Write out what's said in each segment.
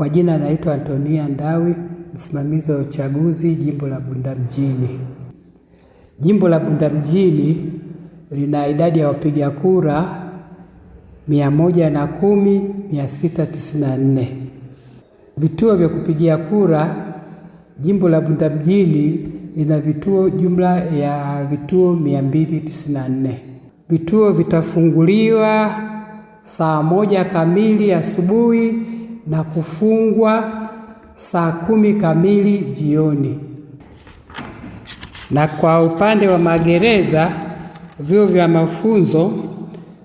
Kwa jina naitwa Antonia Ndawi, msimamizi wa uchaguzi jimbo la Bunda Mjini. Jimbo la Bunda Mjini lina idadi ya wapiga kura 110,694. Vituo vya kupigia kura, jimbo la Bunda Mjini lina vituo jumla ya vituo 294. Vituo vitafunguliwa saa moja kamili asubuhi na kufungwa saa kumi kamili jioni. Na kwa upande wa magereza, vyuo vya mafunzo,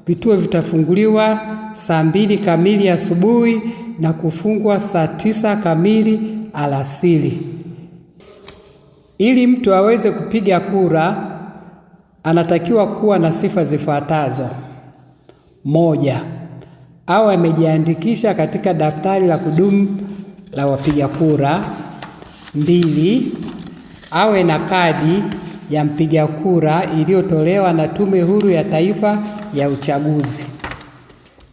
vituo vitafunguliwa saa mbili kamili asubuhi na kufungwa saa tisa kamili alasiri. Ili mtu aweze kupiga kura, anatakiwa kuwa na sifa zifuatazo: moja, au amejiandikisha katika daftari la kudumu la wapiga kura. Mbili, awe na kadi ya mpiga kura iliyotolewa na Tume Huru ya Taifa ya Uchaguzi.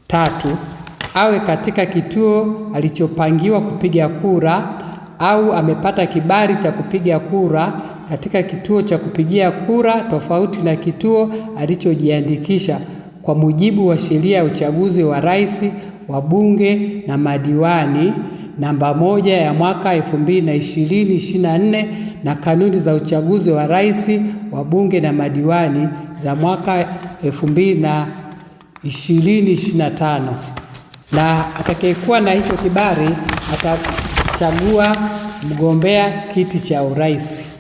Tatu, awe katika kituo alichopangiwa kupiga kura au amepata kibali cha kupiga kura katika kituo cha kupigia kura tofauti na kituo alichojiandikisha kwa mujibu wa sheria ya uchaguzi wa rais, bunge na madiwani namba moja ya mwaka 2024 na kanuni za uchaguzi wa rais, bunge na madiwani za mwaka 2025, na atakayekuwa na hicho kibali atachagua mgombea kiti cha urais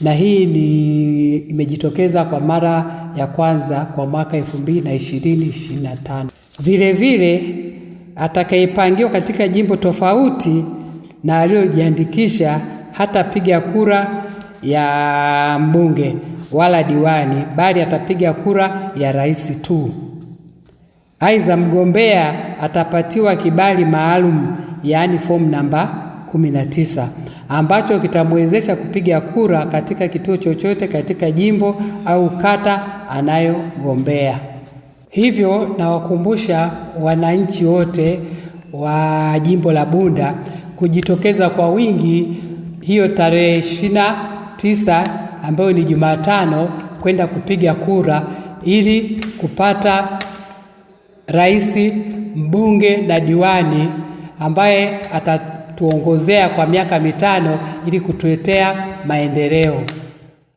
na hii ni imejitokeza kwa mara ya kwanza kwa mwaka 2020-2025. Vilevile atakayepangiwa katika jimbo tofauti na aliyojiandikisha hatapiga kura ya mbunge wala diwani, bali atapiga kura ya rais tu. Aidha, mgombea atapatiwa kibali maalum, yaani fomu namba 19 ambacho kitamwezesha kupiga kura katika kituo chochote katika jimbo au kata anayogombea. Hivyo nawakumbusha wananchi wote wa jimbo la Bunda kujitokeza kwa wingi hiyo tarehe ishirini na tisa ambayo ni Jumatano kwenda kupiga kura ili kupata rais, mbunge na diwani ambaye ata kutuongozea kwa miaka mitano ili kutuletea maendeleo.